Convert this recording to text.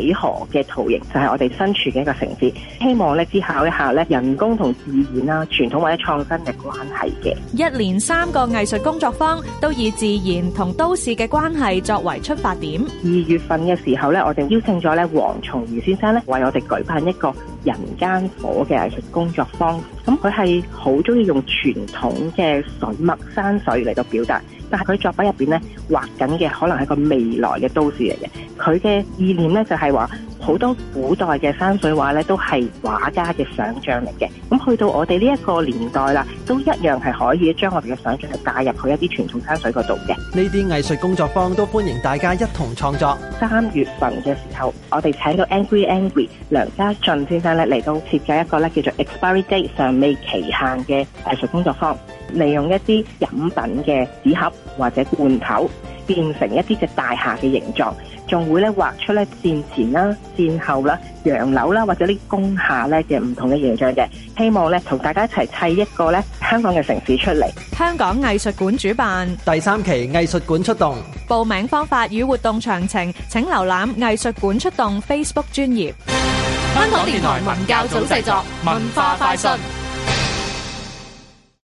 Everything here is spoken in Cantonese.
幾何嘅圖形就係我哋身處嘅一個城市，希望咧思考一下咧人工同自然啦，傳統或者創新嘅關係嘅。一連三個藝術工作坊都以自然同都市嘅關係作為出發點。二月份嘅時候咧，我哋邀請咗咧黃崇儀先生咧，為我哋舉辦一個。人間火嘅藝術工作坊，咁佢係好中意用傳統嘅水墨山水嚟到表達，但係佢作品入邊咧畫緊嘅可能係個未來嘅都市嚟嘅，佢嘅意念咧就係話。好多古代嘅山水畫咧，都係畫家嘅想象嚟嘅。咁去到我哋呢一個年代啦，都一樣係可以將我哋嘅想象係帶入去一啲傳統山水嗰度嘅。呢啲藝術工作坊都歡迎大家一同創作。三月份嘅時候，我哋請到 Angry Angry 梁家俊先生咧嚟到設計一個咧叫做 Expiry Date 尚未期限嘅藝術工作坊，利用一啲飲品嘅紙盒或者罐頭。變成一啲嘅大廈嘅形狀，仲會咧畫出咧戰前啦、戰後啦、洋樓啦，或者啲工廈咧嘅唔同嘅形象。嘅，希望咧同大家一齊砌一個咧香港嘅城市出嚟。香港藝術館主辦第三期藝術館出動，報名方法與活動詳情請瀏覽藝術館出動 Facebook 專頁。香港電台文教組製作，文化快訊。